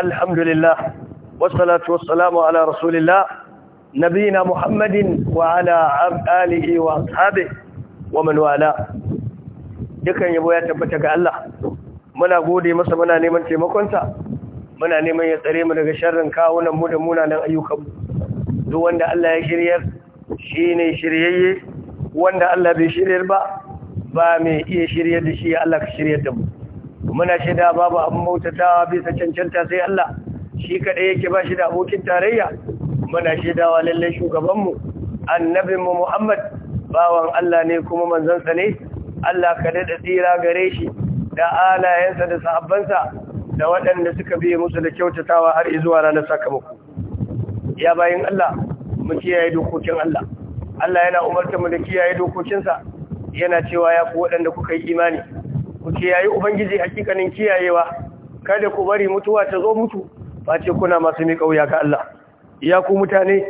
الحمد لله والصلاة والسلام على رسول الله نبينا محمد وعلى آله وأصحابه ومن والاه dukan yabo ya tabbata ga Allah muna gode masa muna neman taimakonsa muna neman ya tsare mu daga sharrin kawunan mu da munanan ayyukan duk wanda Allah ya shiryar shine shiryayye wanda Allah bai shiryar ba ba mai iya shiryar da shi Allah ka shiryar da mu muna shaida babu abin bautata bisa cancanta sai Allah shi kaɗai yake ba shi da abokin tarayya muna shaidawa lallai shugabanmu annabinmu Muhammad bawan Allah ne kuma manzansa ne Allah ka daɗa tsira gare shi da alayensa da sahabbansa da waɗanda suka biye musu da kyautatawa har zuwa ranar sakamako ya bayin Allah mu kiyaye dokokin Allah Allah yana umartar mu da kiyaye dokokinsa yana cewa ya ku waɗanda kuka yi imani ku kiyaye ubangiji hakikanin kiyayewa kada ku bari mutuwa ta zo mutu face kuna masu mi kauya ga Allah ya ku mutane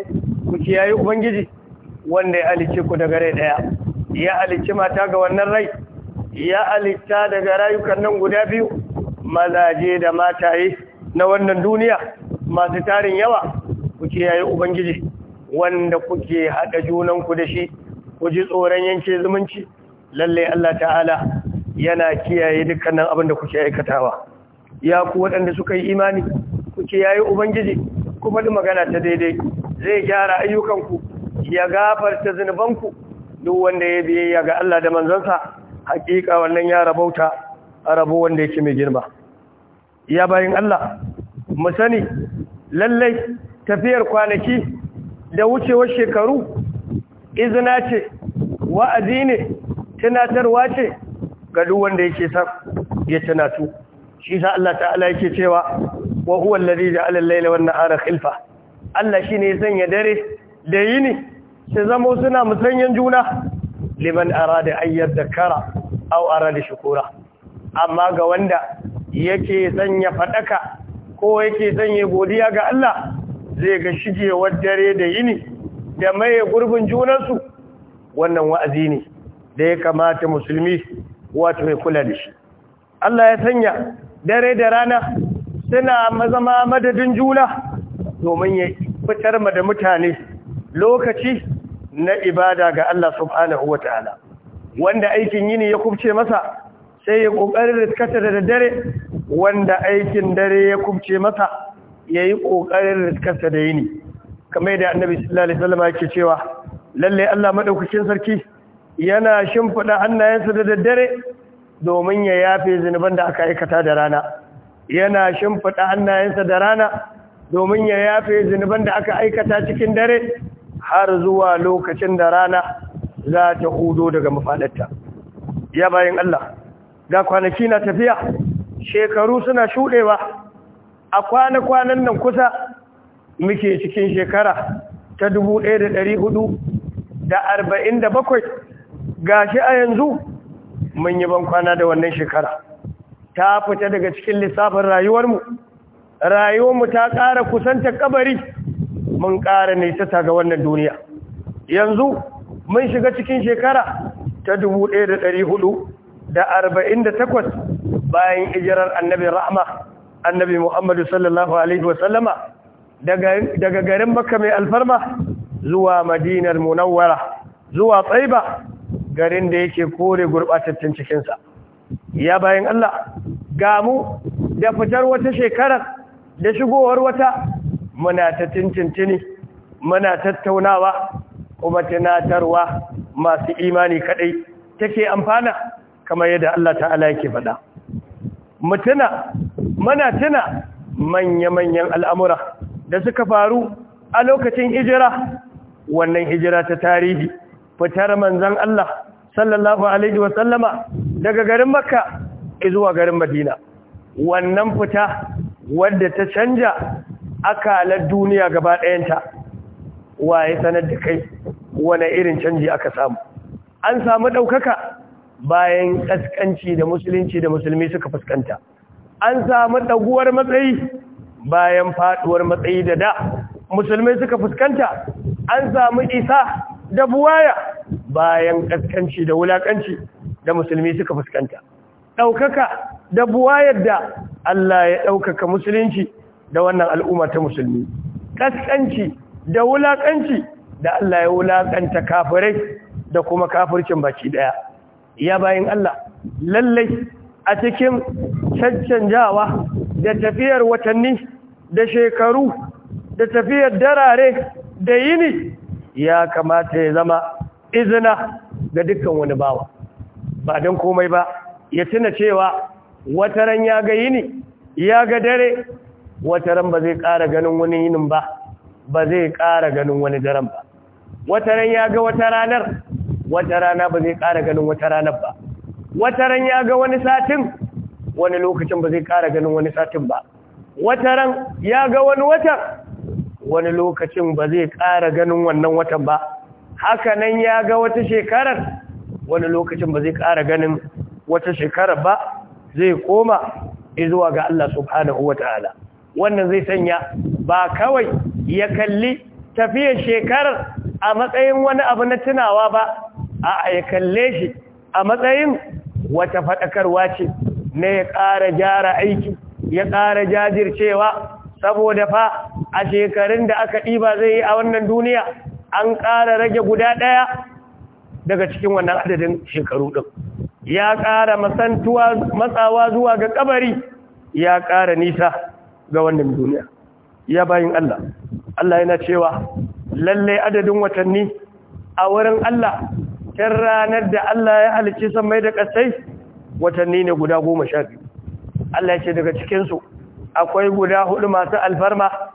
ku kiyaye ubangiji wanda ya alice ku daga rai daya ya alice mata ga wannan rai ya alice daga rayukan nan guda biyu mazaje da mataye na wannan duniya masu tarin yawa ku kiyaye ubangiji wanda kuke haɗa junanku da shi ku ji tsoron yanke zumunci lallai Allah ta'ala yana kiyaye dukkanin abin da kuke aikatawa ya ku waɗanda suka yi imani kuke yayi ubangiji kuma faɗi magana ta daidai zai gyara ayyukanku ya gafarta zunubanku duk wanda ya biyayya ga Allah da manzansa hakika wannan ya rabauta a rabo wanda yake mai girma ya bayin Allah mu sani lallai tafiyar kwanaki da wucewar shekaru izina ce wa'azi ne tunatarwa ce ga duk wanda yake sa ya tunatu shi sa Allah ta'ala yake cewa wa huwa allazi ja'ala al-layla wan nahara khilfa Allah shine ya sanya dare da yini sai zama suna musanyan juna liman arada ayyar dakara aw arada shukura amma ga wanda yake sanya fadaka ko yake sanya godiya ga Allah zai ga shigewar dare da yini da maye gurbin junansu wannan wa'azi ne da ya kamata musulmi wato mai kula da shi Allah ya sanya dare da rana suna zama madadin juna domin ya fitar ma da mutane lokaci na ibada ga Allah subhanahu wa ta'ala wanda aikin yini ya kubce masa sai ya ƙoƙarin riskata da dare wanda aikin dare ya kubce masa ya yi ƙoƙarin riskata da yini Kamai da annabi sallallahu alaihi wasallam yake cewa lalle Allah maɗaukakin sarki yana shimfiɗa hannayensa da daddare domin ya yafe zunuban da aka aikata da rana yana shimfiɗa hannayensa da rana domin ya yafe zunuban da aka aikata cikin dare har zuwa lokacin da rana za ta hudo daga mafaɗarta ya bayan Allah ga kwanaki na tafiya shekaru suna shuɗewa a kwana-kwanan nan kusa muke cikin shekara ta 1447 gashi a yanzu mun yi bankwana da wannan shekara ta fita daga cikin lissafin rayuwarmu rayuwarmu ta ƙara kusanta kabari mun ƙara ta ga wannan duniya yanzu mun shiga cikin shekara ta 1448 bayan ijirar annabi rahma annabi muhammadu sallallahu alaihi wasallama daga garin makka mai alfarma zuwa madinar munawwara zuwa tsaiba garin da yake kore gurbatattun cikinsa ya bayan Allah gamu da fitar wata shekara da shigowar wata muna ta tintintini muna tattaunawa kuma tunatarwa masu imani kadai take amfana kamar yadda Allah ta'ala yake faɗa mutuna muna tuna manya-manyan al'amura da suka faru a lokacin hijira wannan hijira ta tarihi fitar manzan Allah sallallahu alaihi wasallama daga garin Makka zuwa garin Madina wannan fita wadda ta canja akalar duniya gaba ɗayanta waye sanar da kai wane irin canji aka samu an samu ɗaukaka bayan ƙasƙanci da musulunci da musulmi suka fuskanta an samu ɗaguwar matsayi bayan faɗuwar matsayi da da musulmai suka fuskanta an samu isa da buwaya bayan ƙasƙanci da wulaƙanci da musulmi suka fuskanta ɗaukaka da buwayar da Allah ya ɗaukaka musulunci da wannan al'umma ta musulmi ƙasƙanci da wulaƙanci da Allah ya wulaƙanta kafirai da kuma kafircin baki ɗaya ya bayan Allah lallai a cikin cancanjawa da tafiyar watanni da shekaru da tafiyar darare da yini ya kamata ya zama izina ga dukkan wani bawa ba don komai ba ya tuna cewa wataran ya ga yini ya ga dare wataran ba zai ƙara ganin wani yinin ba ba zai ƙara ganin wani daren ba wataran ya ga wata ranar wata rana ba zai ƙara ganin wata ranar ba wataran ya ga wani satin wani lokacin ba zai ƙara ganin wani satin ba wataran ya ga wani watan wani lokacin ba zai ƙara ganin wannan watan ba haka nan ya ga wata shekarar wani lokacin ba zai ƙara ganin wata shekarar ba zai koma Izuwa ga Allah subhanahu Ta'ala. wannan zai sanya ba kawai ya kalli tafiyar shekarar a matsayin wani abu na tunawa ba a ya kalle shi a matsayin wata faɗakarwa ce na ya ƙara gyara aiki ya ƙara jajircewa saboda fa a shekarun da aka ɗiba zai yi a wannan duniya an ƙara rage guda ɗaya daga cikin wannan adadin shekaru ɗin ya ƙara matsawa zuwa ga ƙabari ya ƙara nisa ga wannan duniya ya bayin Allah Allah yana cewa lallai adadin watanni a wurin Allah tun ranar da Allah ya halicci sammai da ƙasai watanni ne guda goma sha biyu Allah ya ce daga cikinsu akwai guda hudu masu alfarma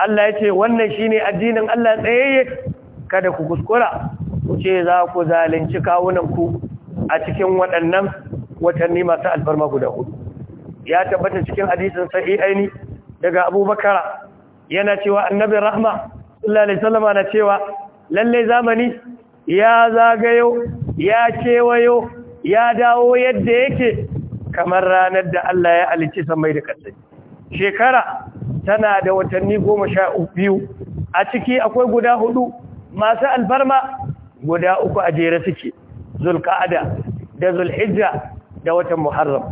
Allah ya ce wannan shi ne addinin Allah tsayayye kada ku kuskura ku ce za ku zalunci kawunanku a cikin waɗannan watanni masu alfarma guda hudu ya tabbata cikin hadisin sahihaini daga Abubakar yana cewa annabi rahma sallallahu alaihi wasallam na cewa lalle zamani ya zagayo ya kewayo ya dawo yadda yake kamar ranar da Allah ya alici samai da ƙasai shekara tana da watanni goma sha biyu a ciki akwai guda hudu masu alfarma guda uku a jere suke zulka'ada da zulhijja da watan muharram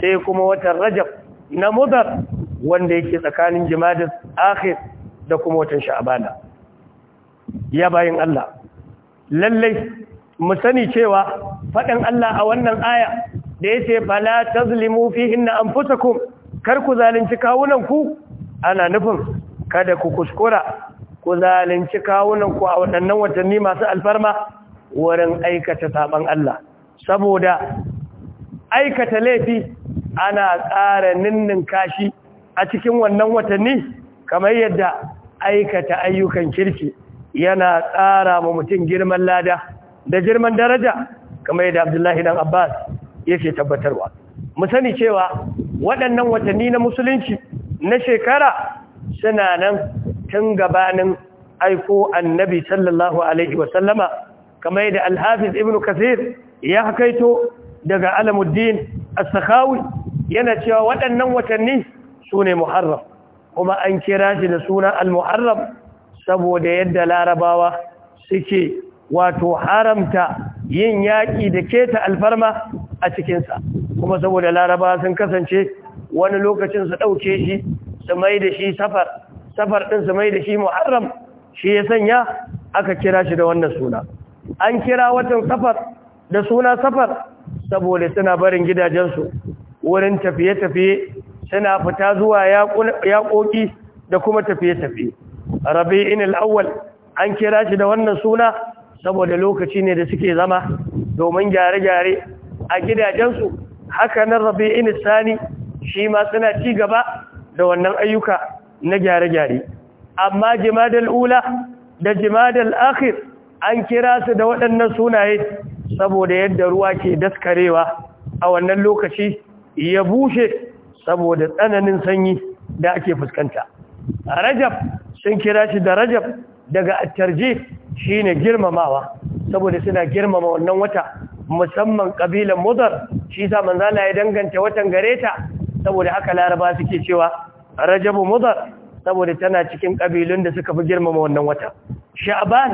sai kuma watan rajab na mudar wanda yake tsakanin jimadin akhir da kuma watan sha'abana ya bayin Allah lallai mu sani cewa faɗin Allah a wannan aya da yace fala tazlimu fihinna anfusakum kar ku zalunci kawunan ku ana nufin kada ku kuskura ku zalunci kawunan a waɗannan watanni masu alfarma wurin aikata saban Allah saboda aikata laifi ana tsara ninnin kashi a cikin wannan watanni kamar yadda aikata ayyukan kirki yana tsara ma mutum girman lada da girman daraja kamar yadda Abdullahi dan Abbas yake tabbatarwa mu sani cewa waɗannan watanni na musulunci na shekara suna nan tun gabanin aiko annabi sallallahu alaihi wasallama kamar yadda alhafiz ibn kasir ya kaito daga alamuddin as-sakhawi yana cewa waɗannan watanni sune muharram kuma an kira shi da suna al-muharram saboda yadda larabawa suke wato haramta yin yaƙi da keta alfarma a cikinsa kuma saboda larabawa sun kasance wani lokacin su ɗauke shi su mai da shi safar safar ɗin su mai da shi muharram shi ya sanya aka kira shi da wannan suna an kira watan safar da suna safar saboda suna barin gidajensu wurin tafiye-tafiye suna fita zuwa yaƙoƙi da kuma tafiye-tafiye rabi'in al'awwal an kira shi da wannan suna saboda lokaci ne da suke zama domin gyare-gyare a gidajensu haka nan rabi'in sani shi ma suna ci gaba da wannan ayyuka na gyare-gyare amma jimadal ula da jimadal akhir an kira su da waɗannan sunaye saboda yadda ruwa ke daskarewa a wannan lokaci ya bushe saboda tsananin sanyi da ake fuskanta rajab sun kira shi da rajab daga attarji shine girmamawa saboda suna girmama wannan wata musamman kabilan mudar shi sa manzala ya danganta watan gareta saboda haka laraba suke cewa rajabu mudar saboda tana cikin kabilun da suka fi girmama wannan wata sha'ban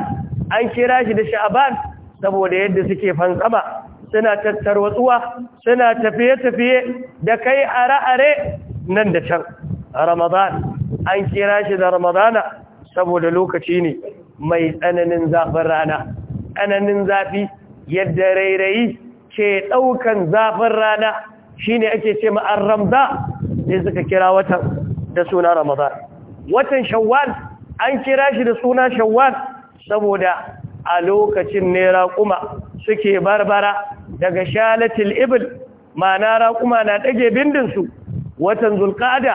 an kira shi da sha'ban saboda yadda suke fantsama suna tattarwatsuwa suna tafiye-tafiye da kai are-are nan da can ramadan an kira shi da ramadana saboda lokaci ne mai tsananin zafin rana tsananin zafi yadda rairayi ke ɗaukan zafin rana Shi ne ake ce ma ramza sai suka kira watan da suna ramadan watan shawwal an kira shi da suna shawwal saboda a lokacin ne raƙuma suke barbara daga shalatil ibil ma'ana raƙuma na ɗage bindinsu watan zulƙada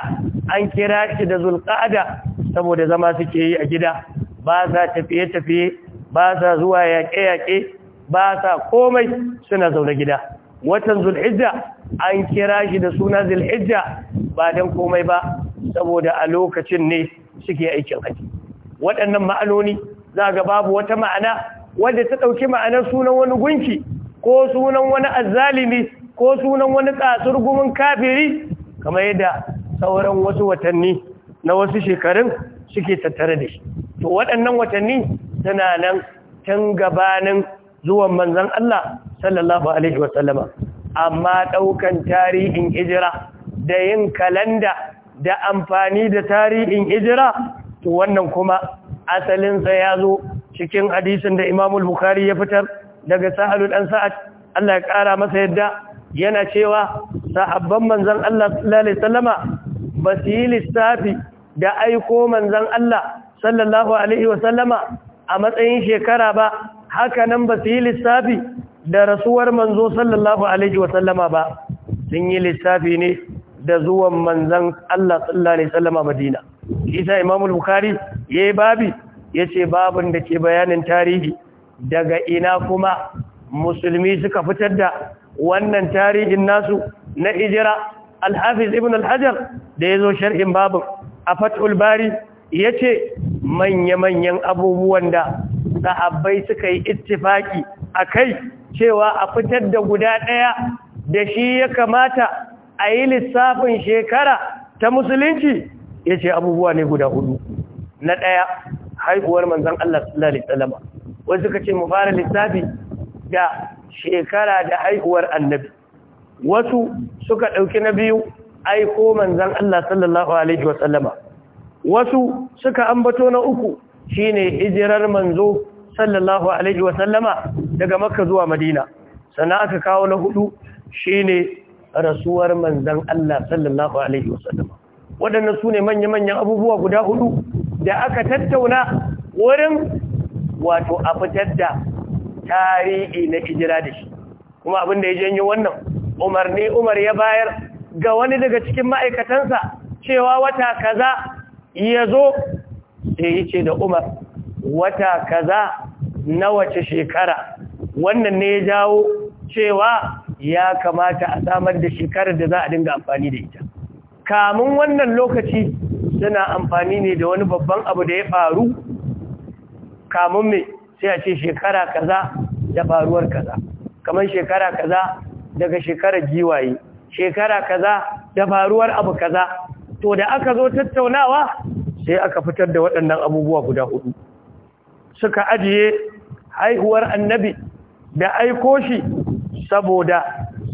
an kira shi da zulƙada saboda zama suke yi a gida ba sa tafiye-tafiye ba sa zuwa yaƙe-yaƙe ba sa komai suna zaune gida watan zulhijja an kira shi da suna zulhijja ba dan komai ba saboda a lokacin ne suke aikin haji waɗannan ma'anoni za ga babu wata ma'ana wanda ta ɗauki ma'anar sunan wani gunki ko sunan wani azzalimi ko sunan wani tsasurgumin kafiri kamar yadda sauran wasu watanni na wasu shekarun suke tattare da shi to waɗannan watanni suna nan can gabanin zuwan manzan Allah sallallahu alaihi wasallama amma ɗaukan tarihin hijira da yin kalanda da amfani da tarihin hijira to wannan kuma asalinsa ya zo cikin hadisin da imamul bukari ya fitar daga sa'alul ɗan sa'ad Allah ya ƙara masa yadda yana cewa sahabban manzan Allah sallallahu alaihi ba su yi lissafi da aiko manzan Allah sallallahu alaihi wasallama a matsayin shekara ba haka nan ba su yi lissafi da rasuwar manzo sallallahu alaihi wasallama ba sun yi lissafi ne da zuwan manzan Allah sallallahu alaihi wasallama Madina isa Imamul Bukhari yi babi yace babin da ke bayanin tarihi daga ina kuma musulmi suka fitar da wannan tarihin nasu na ijira? alhafiz Ibn Alhajar hajar da yazo sharhin babin a Fathul Bari yace manya-manyan abubuwan da sahabbai suka yi ittifaki kai cewa a fitar da guda ɗaya da shi ya kamata a yi lissafin shekara ta musulunci ya ce abubuwa ne guda hudu na ɗaya haihuwar manzan Allah sallallahu Alaihi Wasallam wasu suka ce mu fara lissafi da shekara da haihuwar annabi wasu suka ɗauki na biyu aiko manzan Allah sallallahu Alaihi Wasallam wasu suka ambato na uku Shi ne hijirar manzo sallallahu alaihi wa daga makka zuwa madina sana aka kawo na hudu shi ne rasuwar manzan Allah sallallahu alaihi wa sallama waɗannan su ne manya-manyan abubuwa guda hudu da aka tattauna wurin wato a fitar da tarihi na ijira da shi kuma abin da ya janyo wannan umar ne umar ya bayar ga wani daga cikin ma'aikatansa cewa wata kaza ya zo sai ya ce da umar wata kaza na wace shekara wannan ne ya jawo cewa ya kamata a samar da shekarar da za a dinga amfani da ita kamun wannan lokaci suna amfani ne da wani babban abu da ya faru kamun mai sai a ce shekara kaza da faruwar kaza kamar shekara kaza daga shekarar giwaye shekara kaza da faruwar abu kaza to da aka zo tattaunawa sai aka fitar da waɗannan abubuwa guda hudu suka ajiye haihuwar annabi da aiko shi saboda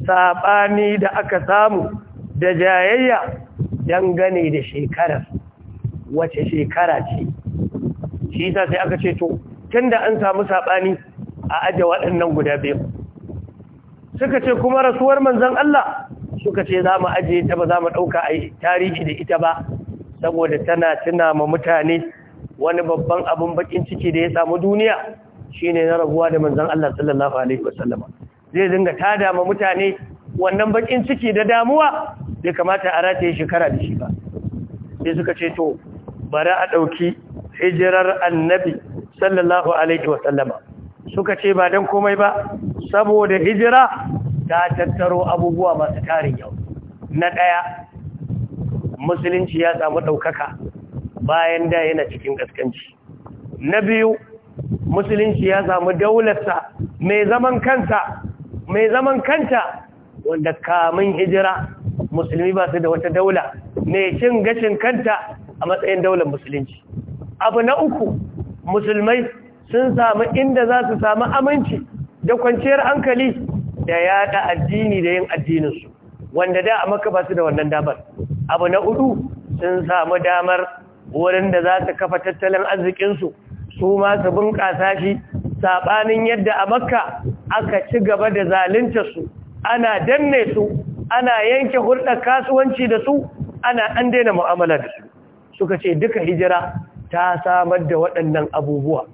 saɓani da aka samu da jayayya dangane da shekarar wace shekara ce shi sa sai aka ce to tun da an samu saɓani a ajiye waɗannan guda biyu suka ce kuma rasuwar manzan Allah suka ce za mu ajiye ta ba za mu ɗauka a tarihi da ita ba saboda tana tuna ma mutane wani babban abin bakin ciki da ya samu duniya shine na rabuwa da manzon Allah sallallahu alaihi wasallam zai dinga tada ma mutane wannan bakin ciki da damuwa bai kamata a rataye shekara da shi ba sai suka ce to bara a dauki hijirar annabi sallallahu alaihi wasallam suka ce ba dan komai ba saboda hijira ta tattaro abubuwa masu tarin yau na daya musulunci ya samu ɗaukaka bayan da yana cikin gaskanci na biyu musulunci ya samu daularsa mai zaman kanta mai zaman kanta wanda kamun hijira musulmi ba su da wata daula mai cin gashin kanta a matsayin daular musulunci abu na uku musulmai sun samu inda za su samu aminci da kwanciyar hankali da yada addini da yin addininsu wanda da a maka ba su da wannan damar abu na udu sun samu damar wurin da za su kafa tattalin arzikinsu su ma su bunƙasa shi saɓanin yadda a makka aka ci gaba da zaluntarsu ana danne su ana yanke hulɗar kasuwanci da su ana an daina mu'amala da su suka ce duka hijira ta samar da waɗannan abubuwa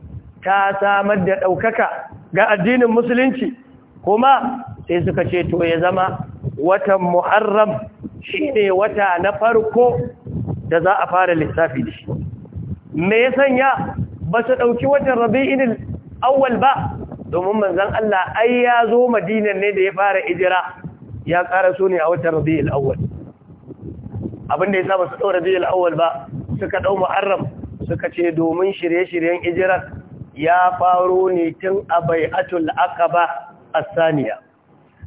ta samar da ɗaukaka ga addinin musulunci kuma sai suka ce to ya zama watan muharram shine wata na farko da za a fara lissafi da shi me ya sanya ba su ɗauki watan rabi'in awwal ba domin manzan Allah ai ya zo madinan ne da ya fara ijira ya ƙara so ne a watan rabi'in awwal abinda ya sa ba su ɗau rabi'in awwal ba suka ɗau muharram suka ce domin shirye-shiryen ijirar ya faro ne tun a bai'atul aqaba as-saniya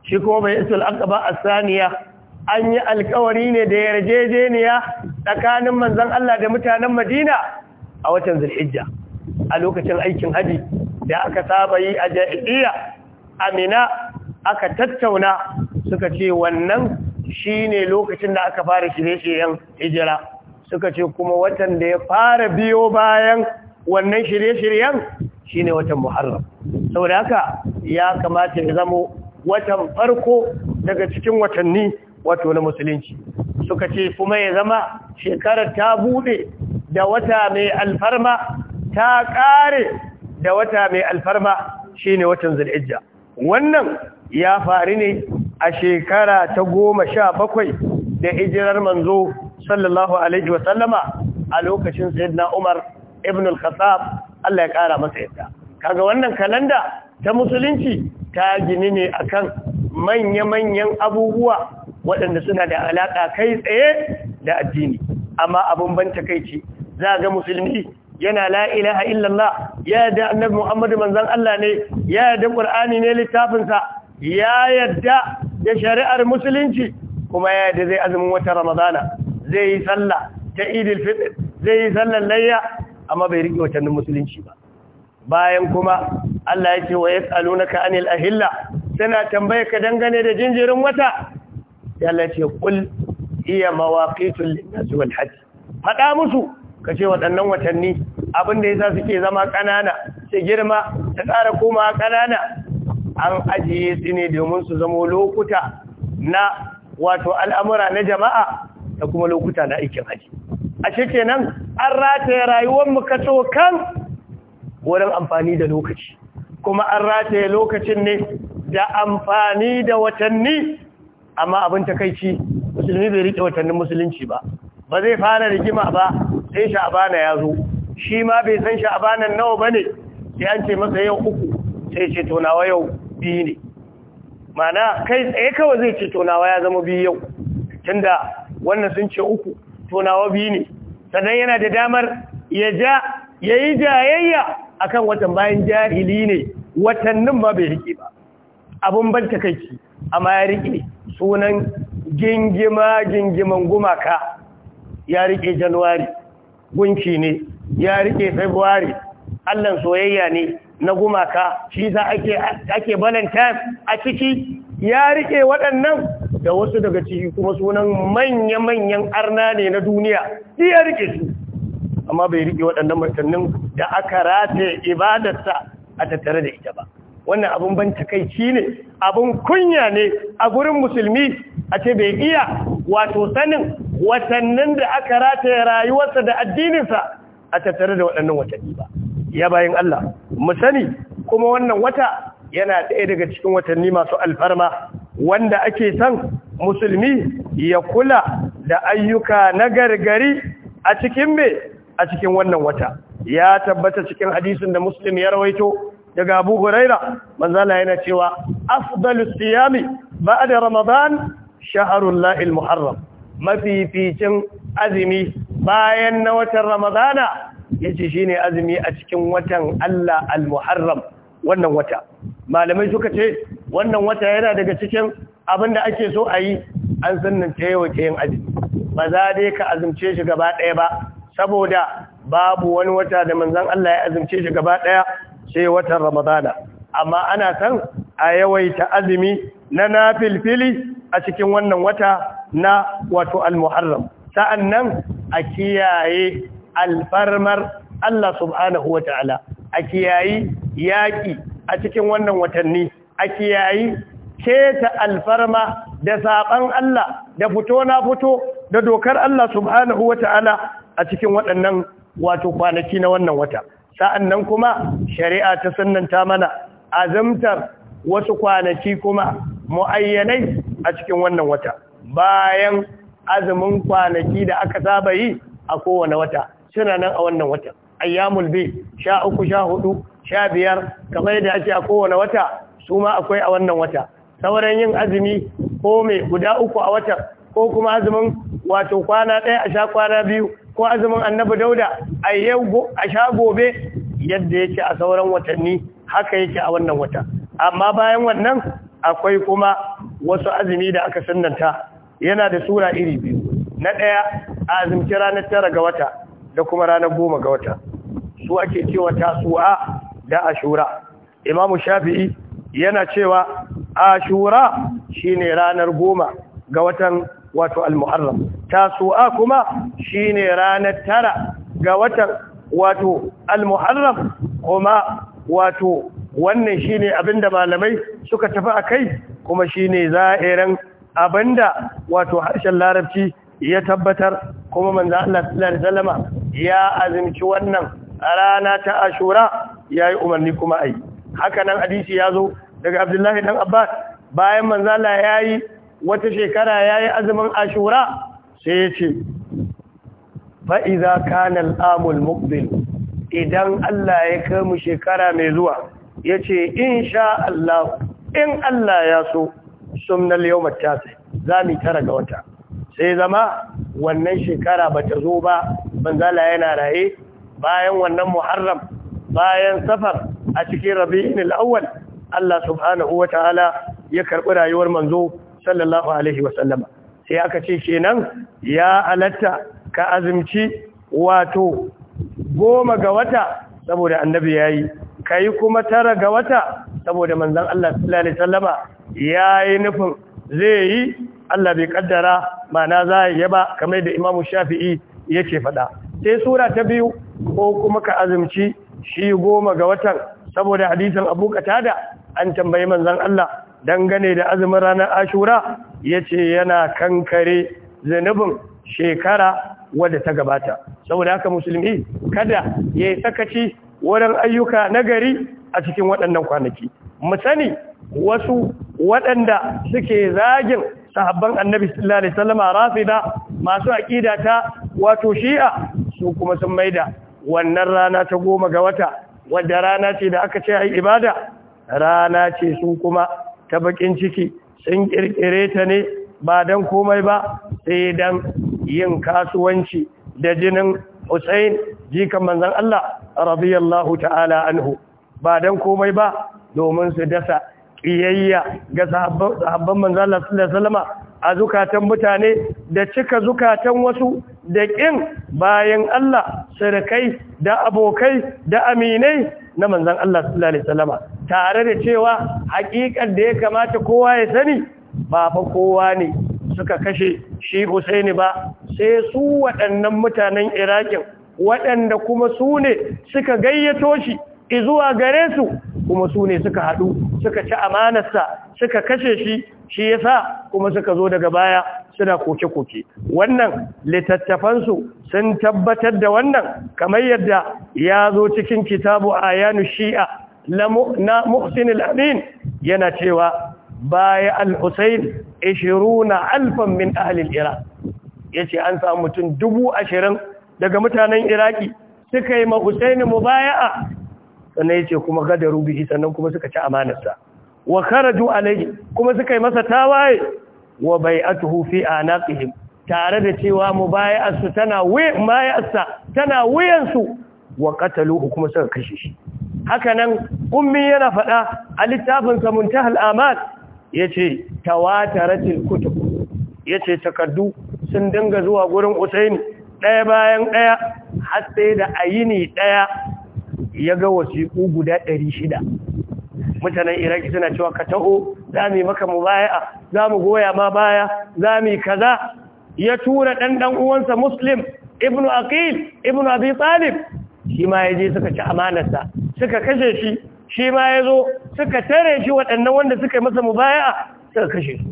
shi kuma bai isul aqaba saniya an yi alkawari ne da yarjejeniya tsakanin manzon Allah da mutanen Madina a watan Zulhijja a lokacin aikin haji da aka saba yi a Ja'idiyya Amina aka tattauna suka ce wannan shine lokacin da aka fara shirye-shiryen hijira suka ce kuma watan da ya fara biyo bayan wannan shirye-shiryen shine watan Muharram saboda haka ya kamata ya zamo watan farko daga cikin watanni wato na musulunci suka ce kuma ya zama shekarar ta bude da wata mai alfarma ta kare da wata mai alfarma shine watan zulhijja wannan ya faru ne a shekara ta goma sha bakwai da hijirar manzo sallallahu alaihi wasallama a lokacin sayyidina umar ibn al-khattab Allah ya kara masa yadda kaga wannan kalanda ta musulunci ta gini ne akan manya-manyan abubuwa waɗanda suna da alaƙa kai tsaye da addini amma abin ban takaici za ga musulmi yana la illallah ya da annabi Muhammadu manzon Allah ne ya da ƙur'ani ne littafinsa ya yadda da shari'ar musulunci kuma ya yadda zai azumin wata Ramadana zai yi sallah ta Idil Fitr zai yi sallar layya amma bai rike watannin musulunci ba bayan kuma Allah ya ce wa yas'alunaka anil ahilla suna tambaye ka dangane da jinjirin wata ya Allah ce kul iya mawaqitul linnas wal hajj fada musu kace waɗannan watanni abinda yasa suke zama ƙanana, su girma su ƙara koma ƙanana, an ajiye su ne domin su zama lokuta na wato al'amura na jama'a da kuma lokuta na aikin haji ashe kenan an rataye rayuwar mu kaso kan wurin amfani da lokaci kuma an rataye lokacin ne da amfani da watanni amma abin takaici musulmi bai rike watannin musulunci ba ba zai fara rigima ba sai sha'abana ya zo shi ma bai san sha'abanan nawa bane sai an ce masa yau uku sai ce tonawa yau biyu ne mana kai tsaye kawai zai ce tonawa ya zama biyu yau tunda wannan sun ce uku tonawa biyu ne sannan yana da damar ya ja ya jayayya akan watan bayan jahili ne watannin ma bai rike ba abun ban takaici amma ya riƙe sunan gingima gingiman gumaka ya riƙe januwari gunki ne ya riƙe february allan soyayya ne na gumaka shi za ake balanta a ciki ya riƙe waɗannan da wasu daga ciki kuma sunan manya-manyan arna ne na duniya ya riƙe su amma bai riƙe waɗannan martannin da aka rataye ibadarsa a tattare da ita ba wannan abun ban takaici ne abun kunya ne a gurin musulmi a ce bai iya wato sanin watannin da aka rataye rayuwarsa da addininsa a tattare da waɗannan watanni ba ya bayan Allah mu sani kuma wannan wata yana ɗaya daga cikin watanni masu alfarma wanda ake son musulmi ya kula da ayyuka na gargari a cikin mai a cikin wannan wata ya tabbata cikin hadisin da muslim ya rawaito daga abu huraira manzala yana cewa afdalus siyami ba'da ramadan shahrul la'il muharram mafificin azumi bayan na watan ramadana yace shine azumi a cikin watan Allah al-muharram wannan wata malamai suka ce wannan wata yana daga cikin abinda ake so a yi an sannan ce ke yin azumi ba za dai ka azumce shi gaba ɗaya ba saboda babu wani wata da manzan Allah ya azumce shi gaba ɗaya sai watan Ramadana amma ana san a yawaita azumi na nafilfili a cikin wannan wata na wato al-Muharram sa'annan a kiyaye alfarmar Allah subhanahu ta'ala a kiyayi yaƙi a cikin wannan watanni a kiyayi keta alfarma da saɓan Allah da fito na fito da dokar Allah subhanahu ta'ala. a cikin waɗannan wato kwanaki na wannan wata sa'an nan kuma shari'a ta ta mana azamtar wasu kwanaki kuma mu'ayyanai a cikin wannan wata bayan azumin kwanaki da aka saba yi a kowane wata suna nan a wannan wata ayyamul bi sha uku sha hudu sha biyar kamar yadda ake a kowane wata su ma akwai a wannan wata sauran yin azumi ko mai guda uku a wata ko kuma azumin wato kwana ɗaya a sha kwana biyu ko azumin annabi dauda a yau a sha gobe yadda yake a sauran watanni haka yake a wannan wata amma bayan wannan akwai kuma wasu azumi da aka sunnanta yana da sura iri biyu na ɗaya a azumci ranar tara ga wata da kuma ranar goma ga wata su ake cewa tasu'a da ashura imamu shafi'i yana cewa ashura shine ranar goma ga watan wato al-muharram tasu'a kuma shine ranar tara ga watan wato al-muharram kuma wato wannan shine abinda malamai suka tafi akai kuma shine za'iran abinda wato harshen larabci ya tabbatar kuma manzo Allah sallallahu alaihi ya azumci wannan rana ta ashura yayi umarni kuma ai haka nan hadisi yazo daga Abdullahi dan Abbas bayan manzo Allah yayi wata shekara ya yi azumin ashura sai ya ce fa'iza kanal amul mukbil idan Allah ya kamu shekara mai zuwa ya ce in sha Allah in Allah ya so sumnal yau matasa za mu tara ga wata sai zama wannan shekara ba ta zo ba banzala yana raye bayan wannan muharram bayan safar a cikin rabi'in al'awwal Allah subhanahu wa ta'ala ya karɓi rayuwar manzo sallallahu alaihi wasallama sai aka ce kenan ya alatta ka azumci wato goma ga wata saboda annabi yayi kai kuma tara ga wata saboda manzon Allah sallallahu alaihi wasallama yayi nufin zai yi Allah bai kaddara mana za ya ba kamar da Imamu Shafi'i yake faɗa sai sura ta biyu ko kuma ka azumci shi goma ga watan saboda hadisin Abu Qatada an tambayi manzon Allah dangane da azumin ranar ashura ya ce yana kankare zunubin shekara wadda ta gabata saboda haka musulmi kada ya yi sakaci wurin ayyuka nagari a cikin waɗannan kwanaki mu sani wasu waɗanda suke zagin sahabban annabi sallallahu alaihi wasallam rafida masu aqida ta wato shi'a su kuma sun maida wannan rana ta goma ga wata wadda rana ce da aka ce ai ibada rana ce su kuma ta bakin ciki sun kirkire ta ne ba don komai ba sai don yin kasuwanci da jinin Hussein jikan manzan Allah radiyallahu ta'ala anhu ba dan komai ba domin su dasa ƙiyayya ga sahabban manzan Allah sallallahu a zukatan mutane da cika zukatan wasu da kin bayan Allah sirkai da abokai da aminai na manzan Allah sallallahu tare da cewa hakikan da ya kamata kowa ya sani ba fa kowa ne suka kashe shi Husaini ba sai su waɗannan mutanen Iraki waɗanda kuma su ne suka gayyato shi izuwa gare su kuma su ne suka haɗu suka ci amanarsa suka kashe shi shi yasa kuma suka zo daga baya suna koke-koke wannan littattafansu sun tabbatar da wannan kamar yadda ya zo cikin kitabu ayanu shi'a na muhsin al-amin yana cewa baya al-husayn 20000 min ahli al-iraq yace an samu mutum 20000 daga mutanen iraki suka yi ma husayn mubaya'a sannan yace kuma gadaru bihi sannan kuma suka ci amanarsa wa kharaju alayhi kuma suka yi masa tawaye wa bai'atuhu fi anaqihim tare da cewa su tana tana wuyansu wa qataluhu kuma suka kashe shi haka nan ummi yana faɗa a littafinsa muntahal amal yace ce tawataratil kutub ya ce takardu sun dinga zuwa gurin usaini ɗaya bayan ɗaya har sai da ayini ɗaya ya ga wasiqu guda ɗari shida mutanen iraki suna cewa ka taho zamu maka mubaya'a za goya ma baya za kaza ya tura ɗan ɗan uwansa muslim ibnu aqil ibnu abi talib shi ma yaje suka ci amanarsa suka kashe shi shi ma ya zo suka tare shi waɗannan wanda suka yi masa mubaya suka kashe su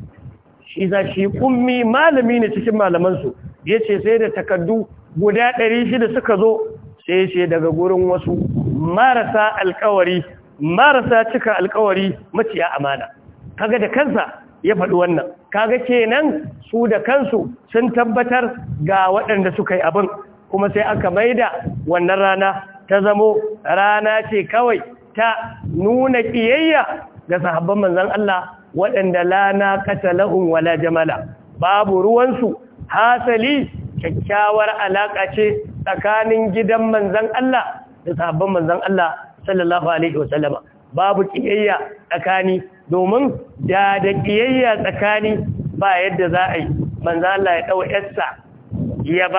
shi za shi ummi malami ne cikin malamansu ya ce sai da takardu guda ɗari shida suka zo sai ya ce daga gurin wasu marasa alkawari marasa cika alkawari maciya amana kaga da kansa ya faɗi wannan kaga kenan su da kansu sun tabbatar ga waɗanda suka yi abin kuma sai aka maida wannan rana ta zamo rana ce kawai ta nuna ƙiyayya ga sahabban manzan Allah waɗanda lana katalahun wala jamala babu ruwansu hasali kyakkyawar alaƙa ce tsakanin gidan manzan Allah da sahabban manzan Allah sallallahu alaihi wasallama babu ƙiyayya tsakani domin da da ƙiyayya tsakani ba yadda za a yi manzan Allah ya ɗau yarsa ya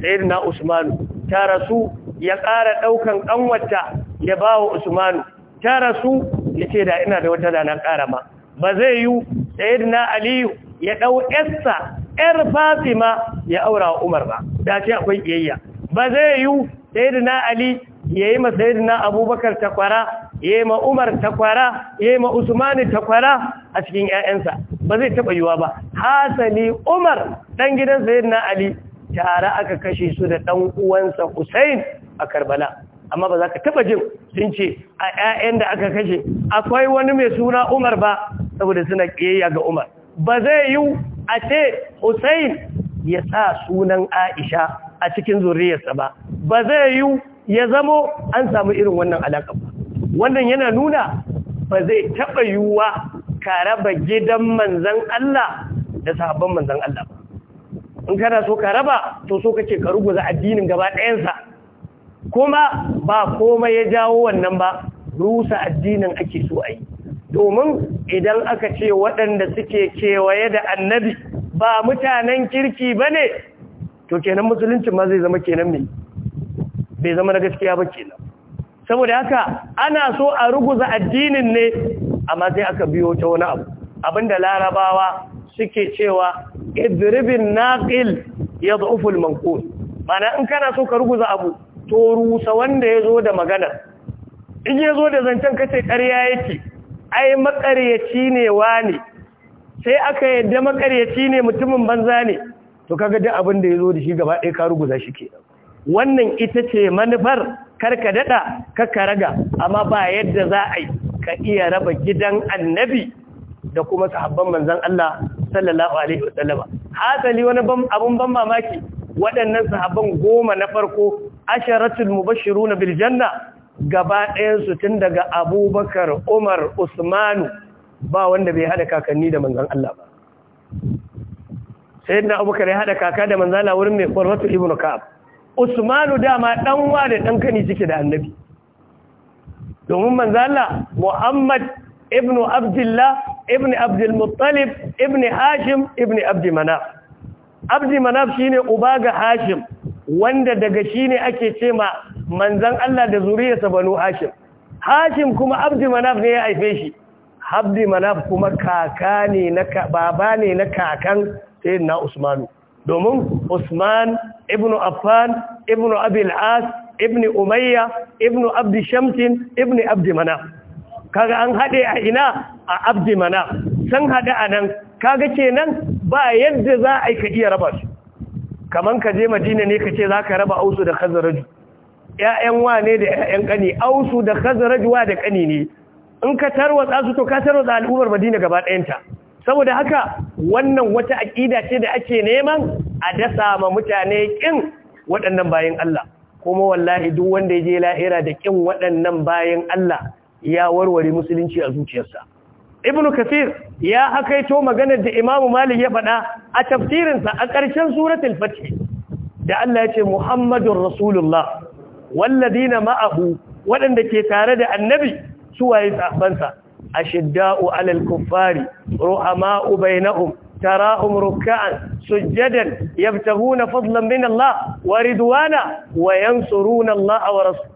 sayyidina Usmanu ta rasu ya ƙara ɗaukan ƙanwata ya ba wa usmanu ta rasu ya ce da ina da wata dana ƙara ma ba zai yi sayidina aliyu ya ɗau ƴarsa ƴar fatima ya aura wa umar ba da ce akwai ƙiyayya ba zai yi sayidina ali ya yi ma sayidina abubakar takwara ya yi ma umar takwara ya yi ma usmanu takwara a cikin 'ya'yansa. ba zai taɓa yiwa ba hasali umar ɗan gidan sayidina ali tare aka kashe su da ɗan uwansa Hussein a karbala amma ba za ka taba jin sun ce a 'ya'yan da aka kashe akwai wani mai suna umar ba saboda suna ƙiyayya ga umar ba zai yi a ce hussein ya sa sunan aisha a cikin zuriyarsa ba ba zai yi ya zamo an samu irin wannan alaƙa ba wannan yana nuna ba zai taɓa yiwuwa ka raba gidan manzan Allah da sahabban manzan Allah ba in kana so ka raba to so kake ka ruguza addinin gaba ɗayansa kuma ba komai ya jawo wannan ba rusa addinin ake so a yi domin idan aka ce waɗanda suke kewaye da annabi ba mutanen kirki ba ne to kenan musulunci ma zai zama kenan mai bai zama na gaskiya ba kenan saboda haka ana so a ruguza addinin ne amma sai aka biyo ta wani abu abinda larabawa suke cewa idribin naqil yadhuful manqul mana in kana so ka ruguza abu to rusa wanda ya zo da maganar in ya zo da zancen kace ƙarya yake ai makaryaci ne ne sai aka yadda makaryaci ne mutumin banza ne to kaga duk abin da ya zo da shi gaba ɗaya karu guza shi kenan wannan ita ce manufar karka daɗa karka raga amma ba yadda za a yi ka iya raba gidan annabi da kuma sahabban manzan Allah sallallahu alaihi wasallama hasali wani abun ban mamaki waɗannan sahabban goma na farko asharatul mubashiruna bil janna gaba ɗayan su tun daga Abubakar Umar Usmanu ba wanda bai hada kakanni da manzan Allah ba na Abubakar ya hada kaka da Manzala Allah wurin mai Qurratu ibn Ka'ab Usmanu dama dan wa da dan kani suke da annabi domin Manzala Allah Muhammad ibn Abdullah ibn Abdul Muttalib ibn Hashim ibn Abdi Manaf Abdi Manaf shine uba ga Hashim wanda daga shi ne ake ce ma manzan Allah da zuriyarsa banu hashim hashim kuma abdi manaf ne ya haife shi abdi manaf kuma kaka ne na baba ne na kakan na usmanu domin usman ibn affan ibn abil as ibn umayya ibn abdi shamsin ibn abdi manaf kaga an haɗe a ina a abdi manaf san haɗe anan nan kaga kenan ba yadda za a yi ka iya raba su kaman ka je madina ne ka ce za ka raba ausu da khazaraju ‘ya'yan wane da ‘ya'yan ƙani ausu da khazaraju wa da ƙani ne in ka tarwatsa su to ka tarwatsa al'ummar madina gaba ɗayanta saboda haka wannan wata aƙida ce da ake neman a dasa ma mutane ƙin waɗannan bayan Allah kuma wallahi duk wanda ya je lahira da ƙin waɗannan bayan Allah ya warware musulunci a zuciyarsa ibnu kafir ya hakaito maganar da imamu malik ya faɗa a tafsirinsa a ƙarshen suratul fatih da Allah ya ce muhammadun rasulullah walladina ma'ahu waɗanda ke tare da annabi suwaye sahabbansa ashidda'u 'alal kuffari ruhama'u bainahum تراهم ركعا سجدا يبتغون فضلا من الله ورضوانا وينصرون الله ورسوله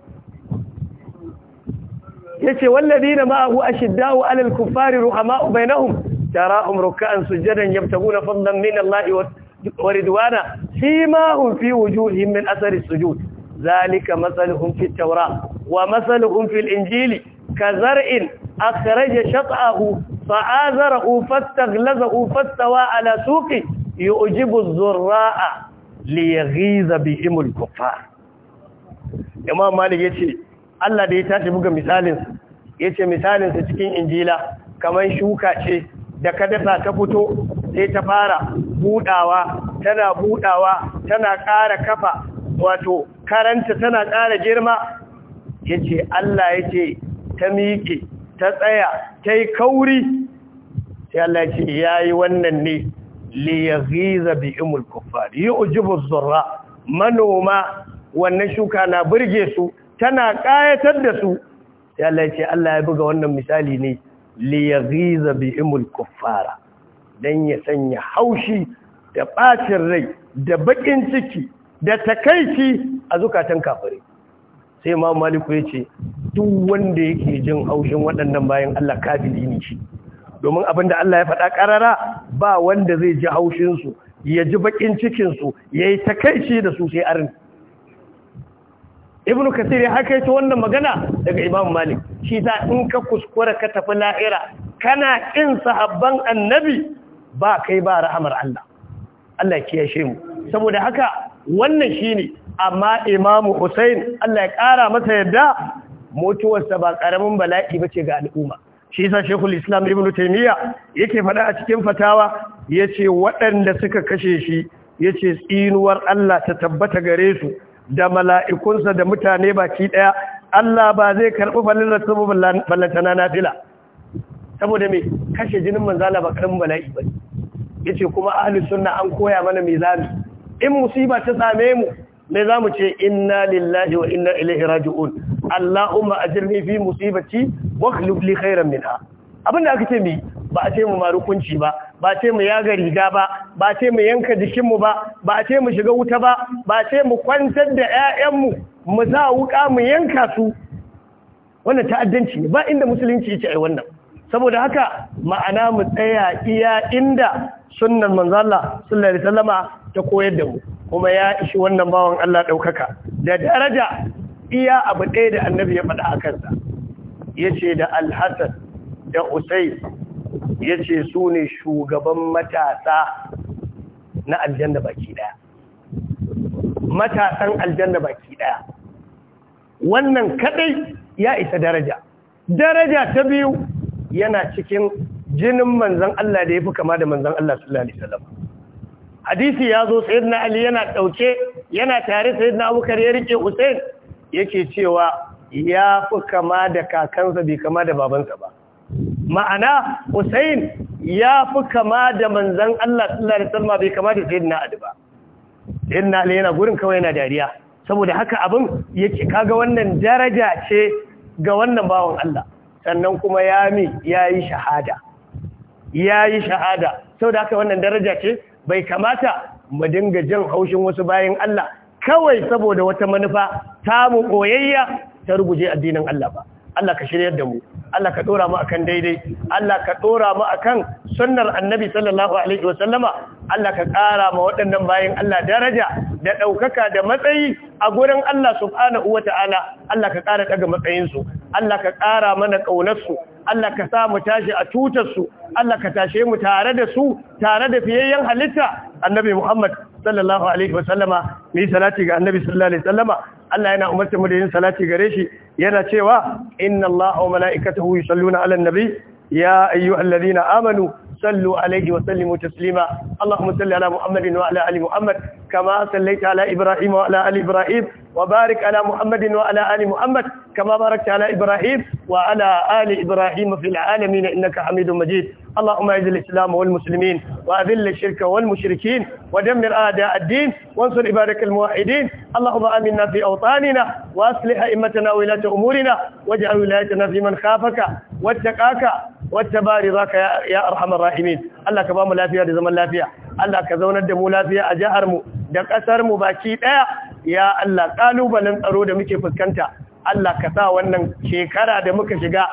yace walladina ma'ahu ashiddau 'alal kuffari ruhama'u bainahum tarahum ruk'an sujadan yabtaguna fadlan min Allah wa ridwana simahum fi wujuhihim min athari sujud zalika mathaluhum fit tawrah wa mathaluhum fil injili kazar'in akhraja shat'ahu fa'azarahu fastaghlazahu fastawa 'ala suqi yu'jibu adh-dhurra'a liyaghiza bihim al-kuffar imam malik yace Allah da ya tashi buga misalinsu ya ce misalinsu cikin injila kamar shuka ce da ka dasa ta fito sai ta fara budawa tana budawa tana ƙara kafa wato karanta tana ƙara girma ya ce Allah ya ce ta miƙe ta tsaya ta yi kauri sai Allah ya ce ya yi wannan ne liyaghiza bi umul kuffar yu'jibu zurra manoma wannan shuka na burge su tana ƙayatar da su sai Allah ya ce Allah ya buga wannan misali ne li yaghiza kuffara dan ya sanya haushi da ɓacin rai da baƙin ciki da takaici a zukatan kafare sai ma maliku ya ce duk wanda yake jin haushin waɗannan bayan Allah kafiri ne shi domin abinda Allah ya faɗa ƙarara ba wanda zai ji haushinsu ya ji baƙin cikinsu ya yi takaici da su sai arin ibn kasir ya yi ta wannan magana daga imam malik shi ta in ka kuskura ka tafi la'ira kana kin sahabban annabi ba kai ba rahamar Allah Allah ya kiyashe mu saboda haka wannan shine amma imam Hussein Allah ya kara masa yadda sa ba karamin bala'i bace ga al'umma shi yasa shekul islam ibn taymiya yake faɗa a cikin fatawa yace waɗanda suka kashe shi yace tsinuwar Allah ta tabbata gare su da mala'ikunsa da mutane baki ɗaya Allah ba zai karɓi falilar su ballantana na fila saboda mai kashe jinin manzala ba ƙarfin bala'i ba ya ce kuma ahalin suna an koya mana mai zami in musiba ta same mu mai zamu ce inna lillahi wa inna ilaihi raji'un Allahumma ajirni fi musibati wa khluq khairan minha abin da aka ce mu ba a ce mu marukunci ba ba a ce mu yaga riga ba ba a ce mu yanka jikinmu ba ba a ce mu shiga wuta ba ba a ce mu kwantar da 'ya'yanmu mu za wuka mu yanka su wannan ta'addanci ne ba inda musulunci yake ai wannan saboda haka ma'ana mu tsaya iya inda sunnan manzo Allah sallallahu ta koyar da mu kuma ya ishi wannan bawan Allah daukaka da daraja iya abu ɗaya da annabi ya faɗa a kansa yace da alhassan. da usain ya ce su ne shugaban matasa na aljanna baki daya matasan aljanna baki daya wannan kadai ya isa daraja daraja ta biyu yana cikin jinin manzan Allah da ya fi kama da manzan Allah sallallahu alaihi hadisi ya zo na Ali yana ɗauke yana tare na Abubakar ya rike usain yake cewa ya fi kama da kakansa bai kama da babansa ba ma'ana Hussein ya fi kama da manzan Allah Allah da salma bai kama da sayyidina Ali ba sayyidina Ali yana gurin kawai yana dariya saboda haka abin yake kaga wannan daraja ce ga wannan bawan Allah sannan kuma ya mi yayi shahada yayi shahada saboda haka wannan daraja ce bai kamata mu dinga jin haushin wasu bayan Allah kawai saboda wata manufa ta mu koyayya ta ruguje addinin Allah ba Allah ka shiryar da mu Allah ka dora mu akan daidai Allah ka dora mu akan sunnar annabi sallallahu alaihi sallama. Allah ka ƙara ma waɗannan bayan Allah daraja da ɗaukaka da matsayi a gurin Allah subhanahu wata'ala Allah ka ƙara daga matsayinsu Allah ka ƙara mana ƙaunarsu Allah ka sa mu tashi a cutarsu. Allah ka tashe mu tare da su tare da fiyayyen halitta annabi Muhammad sallallahu alaihi wa sallama. Ni salati ga annabi sallallahu alaihi sallama. Allah yana umarta mu da yin salati gare shi yana cewa inna Allaha wa mala'ikatahu yusalluna 'alan nabi ya ayyuhalladhina amanu sallu alayhi wa sallimu taslima Allahumma salli ala Muhammadin wa ala ali Muhammad kama sallaita ala Ibrahim wa ala ali Ibrahim وبارك على محمد وعلى آل محمد كما باركت على إبراهيم وعلى آل إبراهيم في العالمين إنك حميد مجيد اللهم أعز الإسلام والمسلمين وأذل الشرك والمشركين ودمر أعداء الدين وانصر عبادك الموحدين اللهم آمنا في أوطاننا وأصلح أئمتنا ولاة أمورنا واجعل ولايتنا في من خافك واتقاك واتبع رضاك يا أرحم الراحمين الله كبام لا فيها لزمن لا فيها الله كزونا الدم لا فيها أجهر مو دك أسر ya Allah ƙalubalen tsaro da muke fuskanta Allah ka sa wannan shekara da muka shiga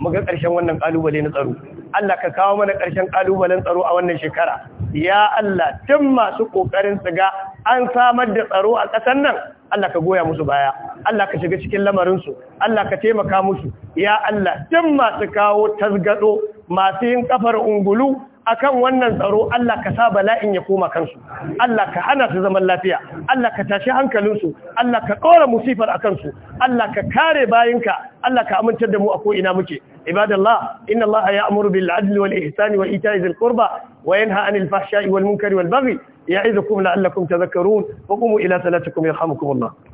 muka ƙarshen wannan ƙalubale na tsaro Allah ka kawo mana ƙarshen ƙalubalen tsaro a wannan shekara ya Allah tun masu ƙoƙarin tsiga an samar da tsaro a ƙasar nan Allah ka goya musu baya Allah ka shiga cikin lamarinsu Allah ka taimaka musu ya Allah tun masu kawo tasgado masu yin ƙafar ungulu akan wannan tsaro Allah ka sa bala'in ya koma kansu Allah ka hana su zaman lafiya Allah ka tashi hankalin su Allah ka kora musifar akan su Allah ka kare bayinka Allah ka amintar da mu a ko ina muke ibadallah inna Allah ya'muru bil adli wal ihsani wa ita'i dhil qurba wa yanha 'anil fahsha'i wal munkari wal baghi ya'idhukum la'allakum tadhakkarun wa qumu ila salatikum yarhamukumullah